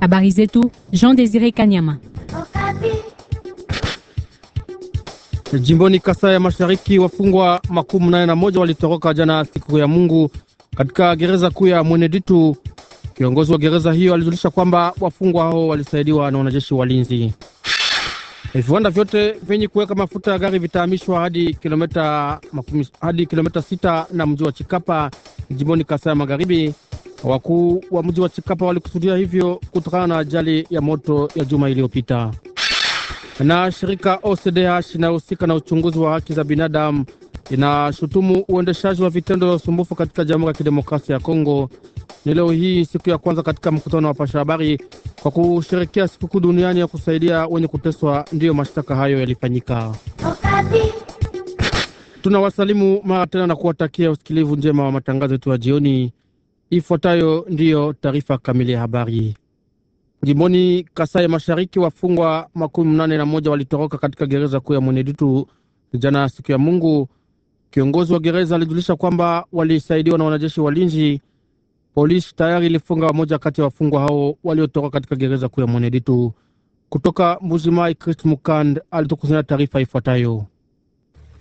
Habari zetu Jean Desire Kanyama. Jimboni Kasai ya Mashariki, wafungwa makumi nane na moja walitoroka jana siku ya Mungu katika gereza kuu ya Mweneditu. Kiongozi wa gereza hiyo alijulisha kwamba wafungwa hao walisaidiwa na wanajeshi walinzi. Eh, viwanda vyote vyenye kuweka mafuta ya gari vitahamishwa hadi kilomita hadi kilomita sita na mji wa Chikapa jimboni Kasai ya Magharibi. Wakuu wa mji wa Chikapa walikusudia hivyo kutokana na ajali ya moto ya juma iliyopita. Na shirika OCDH inayohusika na uchunguzi wa haki za binadamu inashutumu uendeshaji wa vitendo vya usumbufu katika Jamhuri ya Kidemokrasia ya Kongo. Ni leo hii siku ya kwanza katika mkutano wa pasha habari kwa kusherekea sikukuu duniani ya kusaidia wenye kuteswa, ndiyo mashtaka hayo yalifanyika. Tunawasalimu mara tena na kuwatakia usikilivu njema wa matangazo yetu ya jioni. Ifuatayo ndiyo taarifa kamili ya habari. Jimboni Kasai Mashariki, wafungwa makumi mnane na moja walitoroka katika gereza kuu ya Mweneditu jana siku ya Mungu. Kiongozi wa gereza alijulisha kwamba walisaidiwa na wanajeshi walinzi. Polisi tayari ilifunga wamoja kati ya wafungwa hao waliotoroka katika gereza kuu ya Mweneditu. Kutoka Mbuzimai, Chris Mukand alitukuzania taarifa ifuatayo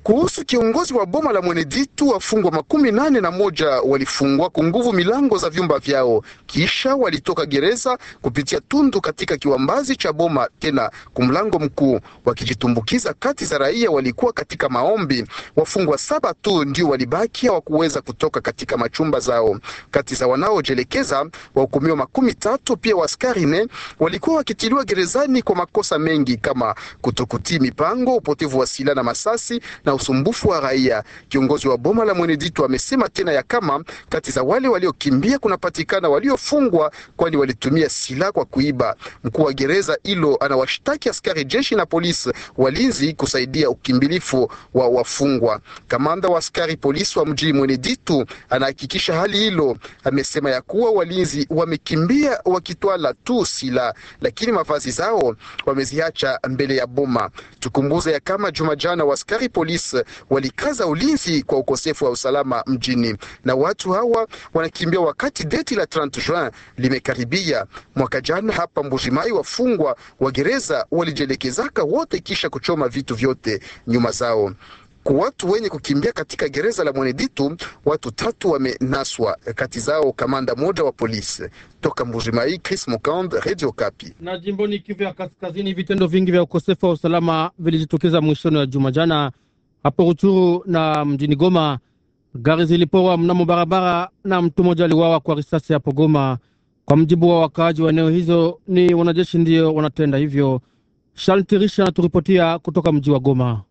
kuhusu kiongozi wa boma la Mweneditu, wafungwa makumi nane na moja walifungwa kwa nguvu milango za vyumba vyao, kisha walitoka gereza kupitia tundu katika kiwambazi cha boma tena kumlango mkuu, wakijitumbukiza kati za raia. Walikuwa katika maombi. Wafungwa saba tu ndio walibaki hawakuweza kutoka katika machumba zao. Kati za wanaojelekeza wahukumiwa makumi tatu pia waskari ne walikuwa wakitiliwa gerezani kwa makosa mengi kama kutokutii mipango, upotevu wa silaha na masasi na usumbufu wa raia. Kiongozi wa boma la Mweneditu amesema tena ya kama kati za wale waliokimbia kunapatikana waliofungwa, kwani walitumia silaha kwa kuiba. Mkuu wa gereza hilo anawashtaki askari jeshi na polisi walinzi kusaidia ukimbilifu wa wafungwa. Kamanda wa askari polisi wa mji Mweneditu anahakikisha hali hilo. Amesema ya kuwa walinzi wamekimbia wakitwala tu silaha, lakini mavazi zao wameziacha mbele ya boma. Tukumbuze ya kama juma jana waskari polisi polisi walikaza ulinzi kwa ukosefu wa usalama mjini, na watu hawa wanakimbia wakati deti la 30 Juin limekaribia. Mwaka jana hapa Mbujimayi, wafungwa wa gereza walijielekezaka wote kisha kuchoma vitu vyote nyuma zao. Kwa watu wenye kukimbia katika gereza la Mweneditu, watu tatu wamenaswa, kati zao kamanda moja wa polisi. Toka Mbujimayi, Chris Mukand, Radio Kapi. Na jimboni Kivu ya Kaskazini, vitendo vingi vya ukosefu wa usalama vilijitokeza mwishoni wa juma jana hapo Ruchuru na mjini Goma. Gari ziliporwa mnamo barabara na mtu mmoja aliwawa kwa risasi hapo Goma. Kwa mjibu wa wakaaji wa eneo hizo, ni wanajeshi ndio wanatenda hivyo. Shaltirisha anaturipotia kutoka mji wa Goma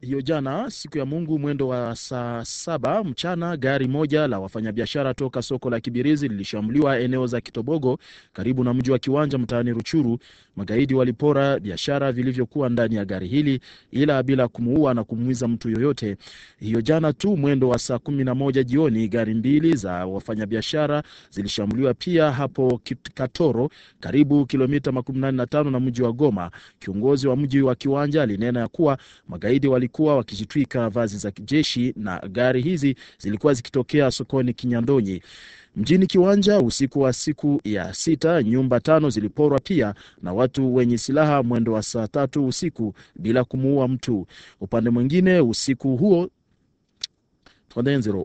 hiyo jana siku ya Mungu mwendo wa saa saba mchana gari moja la wafanyabiashara toka soko la Kibirizi lilishambuliwa eneo za Kitobogo karibu na mji wa Kiwanja mtaani Ruchuru. Magaidi walipora biashara vilivyokuwa ndani ya gari hili, ila bila kumuua na kumuiza mtu yoyote. Hiyo jana tu mwendo wa saa kumi na moja jioni gari mbili za wafanyabiashara zilishambuliwa pia hapo Katoro, karibu kilomita makumi nane na tano na mji wa Goma. Kiongozi wa mji wa Kiwanja alinena ya kuwa magaidi wali walikuwa wakijitwika vazi za kijeshi na gari hizi zilikuwa zikitokea sokoni Kinyandonyi. Mjini Kiwanja usiku wa siku ya sita, nyumba tano ziliporwa pia na watu wenye silaha mwendo wa saa tatu usiku bila kumuua mtu. Upande mwingine usiku huo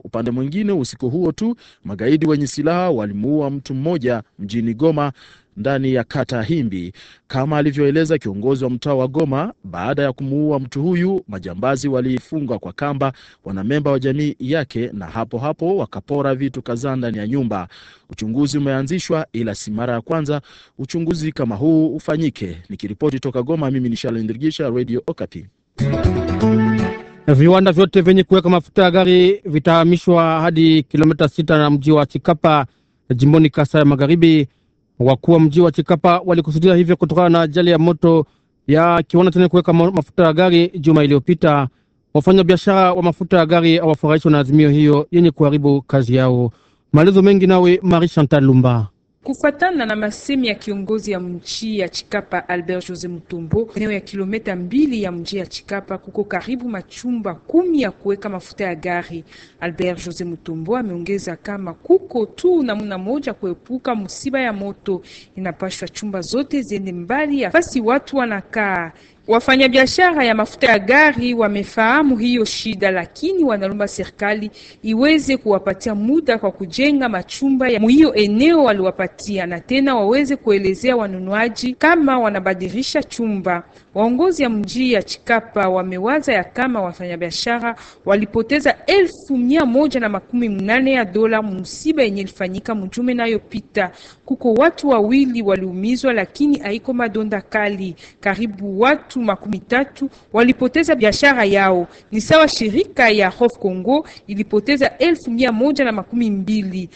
upande mwingine usiku huo tu magaidi wenye silaha walimuua mtu mmoja mjini Goma ndani ya kata Himbi, kama alivyoeleza kiongozi wa mtaa wa Goma. Baada ya kumuua mtu huyu, majambazi waliifunga kwa kamba wanamemba wa jamii yake na hapo hapo wakapora vitu kadhaa ndani ya nyumba. Uchunguzi umeanzishwa, ila si mara ya kwanza uchunguzi kama huu ufanyike. Nikiripoti toka Goma, mimi ni Shalo Ndirigisha, Radio Okapi. Viwanda vyote vyenye kuweka mafuta ya gari vitahamishwa hadi kilomita sita na mji wa Chikapa jimboni Kasa ya Magharibi. Wakuu wa mji wa Chikapa walikusudia hivyo kutokana na ajali ya moto ya kiwanda chenye kuweka mafuta ya gari juma iliyopita. wafanya biashara wa mafuta ya gari hawafurahishwa na azimio hiyo yenye kuharibu kazi yao. Maelezo mengi nawe Marie Chantal Lumba. Kufuatana na masemi ya kiongozi ya mji ya Chikapa Albert Jose Mutombo, eneo ya kilometa mbili ya mji ya Chikapa kuko karibu machumba kumi ya kuweka mafuta ya gari. Albert Jose Mutombo ameongeza kama kuko tu namna moja kuepuka msiba ya moto, inapashwa chumba zote ziende mbali ya fasi watu wanakaa. Wafanyabiashara ya mafuta ya gari wamefahamu hiyo shida, lakini wanalomba serikali iweze kuwapatia muda kwa kujenga machumba ya hiyo eneo waliwapatia, na tena waweze kuelezea wanunuaji kama wanabadilisha chumba. Waongozi ya mji ya Chikapa wamewaza ya kama wafanyabiashara walipoteza elfu mia moja na makumi mnane ya dola msiba yenye ilifanyika mjume nayopita. Kuko watu wawili waliumizwa, lakini haiko madonda kali. Karibu watu makumi tatu walipoteza biashara yao, ni sawa shirika ya Hof Congo ilipoteza elfu mia moja na makumi mbili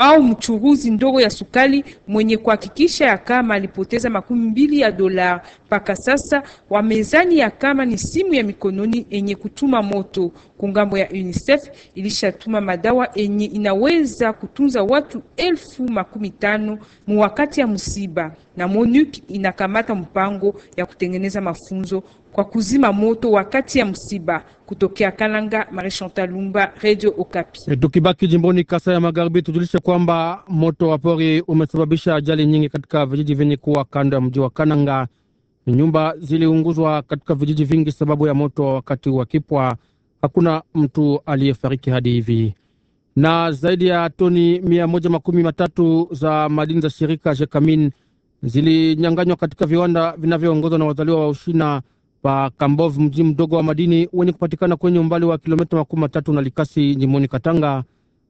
au mchuruzi ndogo ya sukali mwenye kuhakikisha ya kama alipoteza makumi mbili ya dola. Mpaka sasa wamezani ya kama ni simu ya mikononi enye kutuma moto. Kungambo ya UNICEF ilishatuma madawa enye inaweza kutunza watu elfu makumi tano mu wakati ya msiba, na MONUC inakamata mpango ya kutengeneza mafunzo kwa kuzima moto wakati ya msiba. Kutokea Kalanga, Marie Chantal Lumba, Radio Okapi. E, tukibaki jimboni Kasa ya Magharibi, tujulishe kwamba moto wa pori umesababisha ajali nyingi katika vijiji vyenye kuwa kando ya mji wa Kananga. Nyumba ziliunguzwa katika vijiji vingi sababu ya moto wakati wa kipwa. Hakuna mtu aliyefariki hadi hivi. Na zaidi ya toni mia moja makumi matatu za madini za shirika Jekamin zilinyanganywa katika viwanda vinavyoongozwa na wazaliwa wa Ushina pa Kambov, mji mdogo wa madini wenye kupatikana kwenye umbali wa kilomita makumi matatu na Likasi, jimoni Katanga.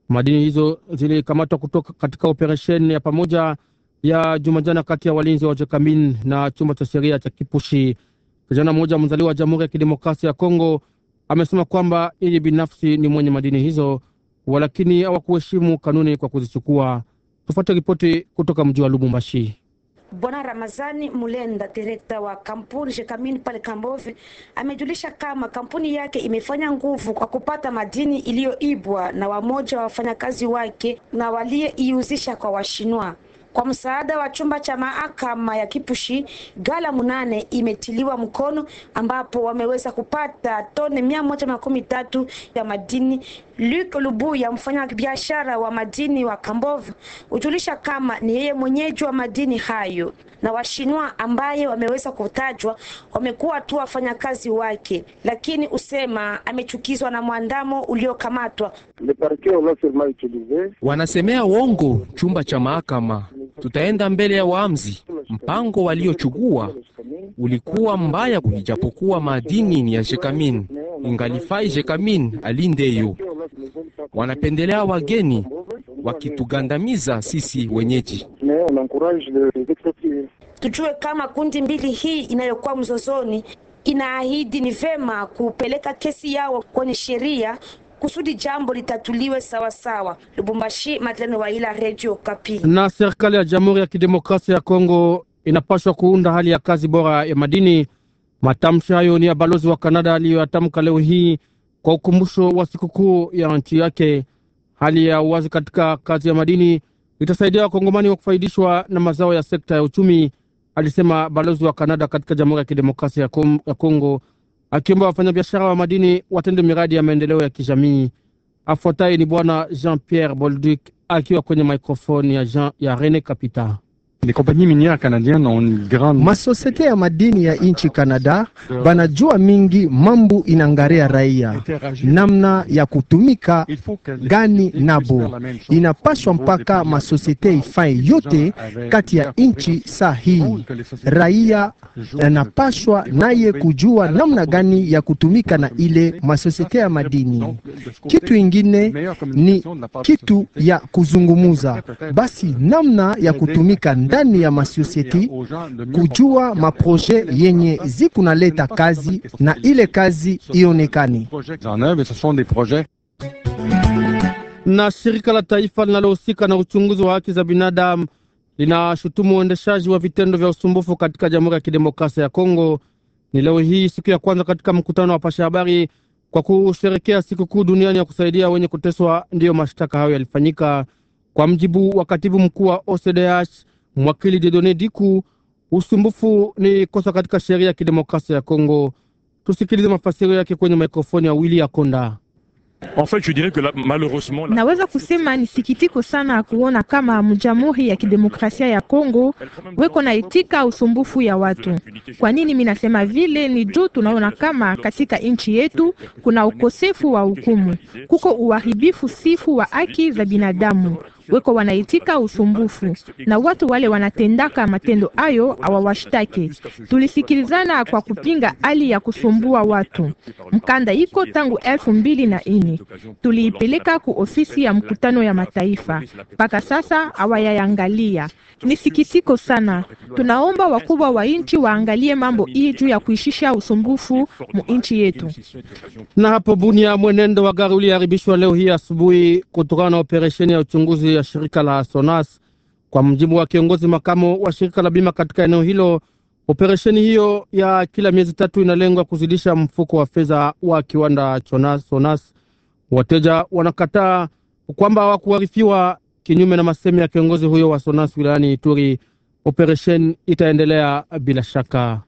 Madini hizo zilikamatwa kutoka katika operesheni ya pamoja ya Jumajana kati ya walinzi wa Jekamin na chumba cha sheria cha Kipushi. Kijana mmoja mzaliwa wa Jamhuri ya Kidemokrasia ya Kongo amesema kwamba ili binafsi ni mwenye madini hizo, walakini hawakuheshimu kanuni kwa kuzichukua. Tufuate ripoti kutoka mji wa Lubumbashi. Bwana Ramazani Mulenda, direkta wa kampuni Jekamin pale Kambove, amejulisha kama kampuni yake imefanya nguvu kwa kupata madini iliyoibwa na wamoja wa wafanyakazi wake na waliyeiuzisha kwa Washinwa. Kwa msaada wa chumba cha mahakama ya Kipushi, gala munane imetiliwa mkono, ambapo wameweza kupata tone mia moja makumi tatu ya madini. luk Lubuya, mfanya biashara wa madini wa Kambova, hujulisha kama ni yeye mwenyeji wa madini hayo, na washinwa ambaye wameweza kutajwa wamekuwa tu wafanyakazi wake, lakini husema amechukizwa na mwandamo uliokamatwa. Wanasemea wongo chumba cha mahakama Tutaenda mbele ya waamzi. Mpango waliochugua ulikuwa mbaya, kuijapokuwa madini ni ya Jekamin ingalifai Jekamin alindeyo. Wanapendelea wageni wakitugandamiza sisi wenyeji. Tujue kama kundi mbili hii inayokuwa mzozoni inaahidi ni vema kupeleka kesi yao kwenye sheria kusudi jambo litatuliwe sawasawa. Lubumbashi, Madeleine Waila, Radio Kapi. Na serikali ya Jamhuri ya Kidemokrasia ya Kongo inapaswa kuunda hali ya kazi bora ya madini. Matamshi hayo ni ya balozi wa Kanada aliyoyatamka leo hii kwa ukumbusho wa sikukuu ya nchi yake. Hali ya uwazi katika kazi ya madini itasaidia wakongomani wa kufaidishwa na mazao ya sekta ya uchumi, alisema balozi wa Kanada katika Jamhuri ya Kidemokrasia ya Kongo akiomba wafanyabiashara wa madini watende miradi ya maendeleo ya kijamii. Afuataye ni bwana Jean Pierre Bolduc akiwa kwenye maikrofoni ya, Jean, ya Rene Capital masosiete ya madini ya nchi canada banajua mingi mambo inangaria raia namna ya kutumika gani nabo, inapaswa mpaka masosiete ifanye yote kati ya nchi saa hii. Raia anapashwa naye kujua namna gani ya kutumika na ile masosiete ya madini. Kitu ingine ni kitu ya kuzungumuza, basi namna ya kutumika ndani ya masosieti kujua maproje yenye zikunaleta kazi na ile kazi ionekani na shirika la taifa linalohusika na uchunguzi wa haki za binadamu linashutumu uendeshaji wa vitendo vya usumbufu katika Jamhuri ya Kidemokrasia ya Kongo. Ni leo hii siku ya kwanza katika mkutano wa pasha habari kwa kusherekea sikukuu duniani ya kusaidia wenye kuteswa, ndiyo mashtaka hayo yalifanyika. Kwa mjibu wa katibu mkuu wa OCDH, Mwakili Dedone Diku, usumbufu ni kosa katika sheria ya kidemokrasia ya Kongo. Tusikilize mafasiri yake kwenye mikrofoni ya Willy Akonda. En fait, je dirais que la, malheureusement la... naweza kusema ni sikitiko sana kuona kama mjamhuri ya kidemokrasia ya Kongo weko na itika usumbufu ya watu. Kwa nini minasema vile? Ni juu tunaona kama katika nchi yetu kuna ukosefu wa hukumu, kuko uharibifu sifu wa haki za binadamu weko wanaitika usumbufu, na watu wale wanatendaka matendo ayo awawashtake. Tulisikilizana kwa kupinga hali ya kusumbua watu. Mkanda iko tangu elfu mbili na ini tuliipeleka ku ofisi ya mkutano ya mataifa, mpaka sasa hawayayangalia. Ni sikisiko sana. Tunaomba wakubwa wa nchi waangalie mambo hii juu ya kuishisha usumbufu mu nchi yetu. Na hapo Bunia, mwenendo wa gari uliharibishwa leo hii asubuhi kutokana na operesheni ya uchunguzi ya shirika la Sonas. Kwa mjibu wa kiongozi makamo wa shirika la bima katika eneo hilo, operesheni hiyo ya kila miezi tatu inalengwa kuzidisha mfuko wa fedha wa kiwanda cha Sonas wateja wanakataa kwamba hawakuarifiwa. Kinyume na masemi ya kiongozi huyo wa Sonas wilayani Ituri, operesheni itaendelea bila shaka.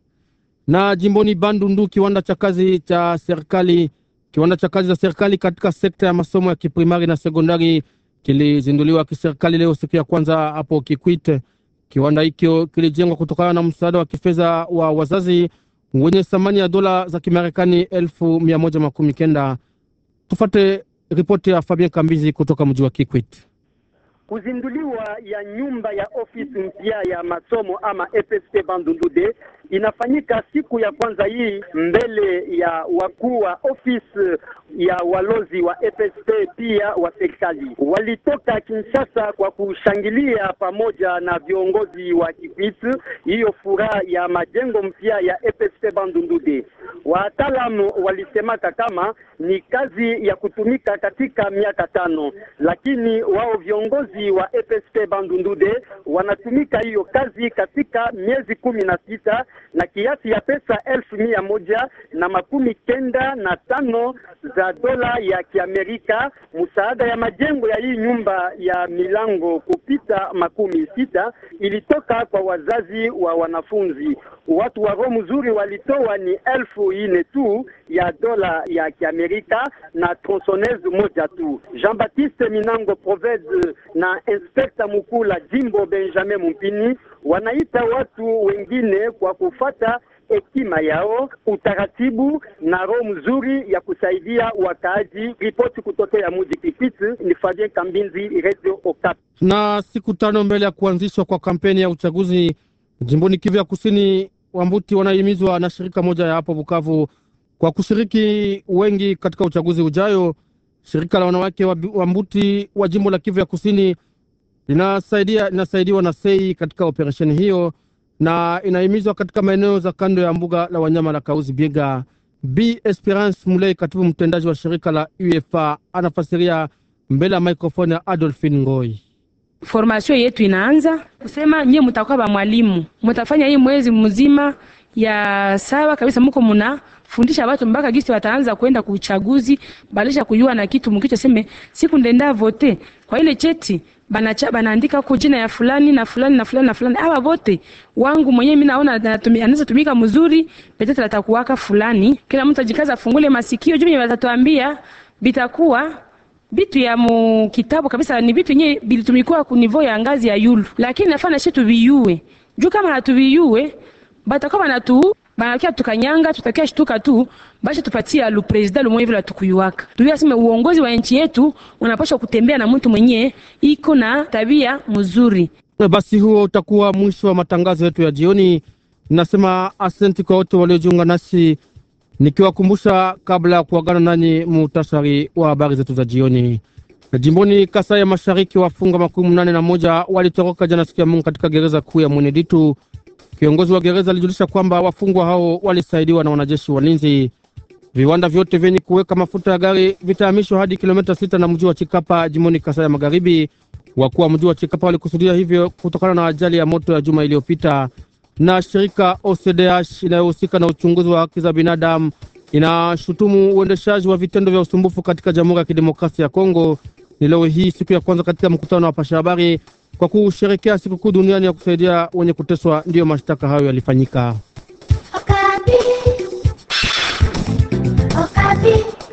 Na jimboni Bandundu, kiwanda cha kazi cha serikali kiwanda cha kazi za serikali katika sekta ya masomo ya kiprimari na sekondari kilizinduliwa kiserikali leo siku ya kwanza hapo Kikwite. Kiwanda hicho kilijengwa kutokana na msaada wa kifedha wa wazazi wenye thamani ya dola za Kimarekani elfu mia moja makumi kenda. Tufate ripoti ya Fabien Kambizi kutoka mji wa Kikwit kuzinduliwa ya nyumba ya ofisi mpya ya masomo ama fsp e Bandundude inafanyika siku ya kwanza hii mbele ya wakuu wa ofisi ya walozi wa fsp e pia wa serikali. Walitoka Kinshasa kwa kushangilia pamoja na viongozi wa Kikwit hiyo furaha ya majengo mpya ya fsp e Bandundude. Wataalamu walisemaka kama ni kazi ya kutumika katika miaka tano, lakini wao viongozi waasi wa FSP Bandundude wanatumika hiyo kazi katika miezi kumi na sita na kiasi ya pesa elfu mia moja na makumi kenda na tano za dola ya Kiamerika, msaada ya majengo ya hii nyumba ya milango kupita makumi sita ilitoka kwa wazazi wa wanafunzi. Watu wa roho mzuri walitoa ni elfu ine tu ya dola ya Kiamerika na tronsones moja tu. Jean Baptiste Minango Provez na inspekta mkuu la jimbo Benjamin Mumpini wanaita watu wengine kwa kufata hekima yao, utaratibu na roho mzuri ya kusaidia wakaaji. Ripoti kutokea mji Kipiti ni Fabien Kambinzi, Radio Okapi. Na siku tano mbele ya kuanzishwa kwa kampeni ya uchaguzi jimboni Kivu ya Kusini, Wambuti wanahimizwa na shirika moja ya hapo Bukavu kwa kushiriki wengi katika uchaguzi ujayo. Shirika la wanawake wa Mbuti wa jimbo la Kivu ya Kusini linasaidia, linasaidiwa na sei katika operesheni hiyo na inahimizwa katika maeneo za kando ya mbuga la wanyama la Kauzi Biega. B Esperance Mulei, katibu mtendaji wa shirika la UFA, anafasiria mbele ya mikrofoni ya Adolfine Ngoi. Formasio yetu inaanza kusema, nyie mtakuwa ba mwalimu, mutafanya hii mwezi mzima ya sawa kabisa, muko muna fundisha watu mpaka gisi wataanza kwenda kuchaguzi, balisha kujua na kitu mkicho seme siku ndenda vote kwa ile cheti banacha banaandika ko jina ya fulani na fulani na fulani na fulani. Hawa wote wangu mwenyewe mimi naona anaweza tumika mzuri, petete atakuwaka fulani. Kila mtu ajikaza, afungule masikio jumbe watatuambia bitakuwa bitu ya mu kitabu kabisa, ni bitu yenyewe bilitumikwa ku niveau ya ngazi ya yulu, lakini nafana shetu viyue juu kama hatuviyue batakuwa banatu banakia tukanyanga, tutakia shtuka tu basha tupatia alu president lumwe vile tukuyuaka tuya sema uongozi wa nchi yetu unapashwa kutembea na mtu mwenye iko na tabia mzuri. Eh, basi huo utakuwa mwisho wa matangazo yetu ya jioni. Nasema asenti kwa wote waliojiunga nasi, nikiwakumbusha kabla ya kuagana nanyi muhtasari wa habari zetu za jioni. Jimboni Kasai ya Mashariki, wafunga makumi mnane na moja walitoroka jana siku ya Mungu katika gereza kuu ya Mweneditu Kiongozi wa gereza alijulisha kwamba wafungwa hao walisaidiwa na wanajeshi walinzi. Viwanda vyote vyenye kuweka mafuta ya gari vitahamishwa hadi kilomita sita na mji wa Chikapa jimoni Kasai ya Magharibi. Wakuu wa mji wa Chikapa walikusudia hivyo kutokana na ajali ya moto ya juma iliyopita. Na shirika OCDH inayohusika na uchunguzi wa haki za binadamu inashutumu uendeshaji wa vitendo vya usumbufu katika Jamhuri ya Kidemokrasia ya Kongo. Ni leo hii siku ya kwanza katika mkutano wa pasha habari kwa kusherekea sikukuu duniani ya kusaidia wenye kuteswa. Ndiyo mashtaka hayo yalifanyika Okapi. Okapi.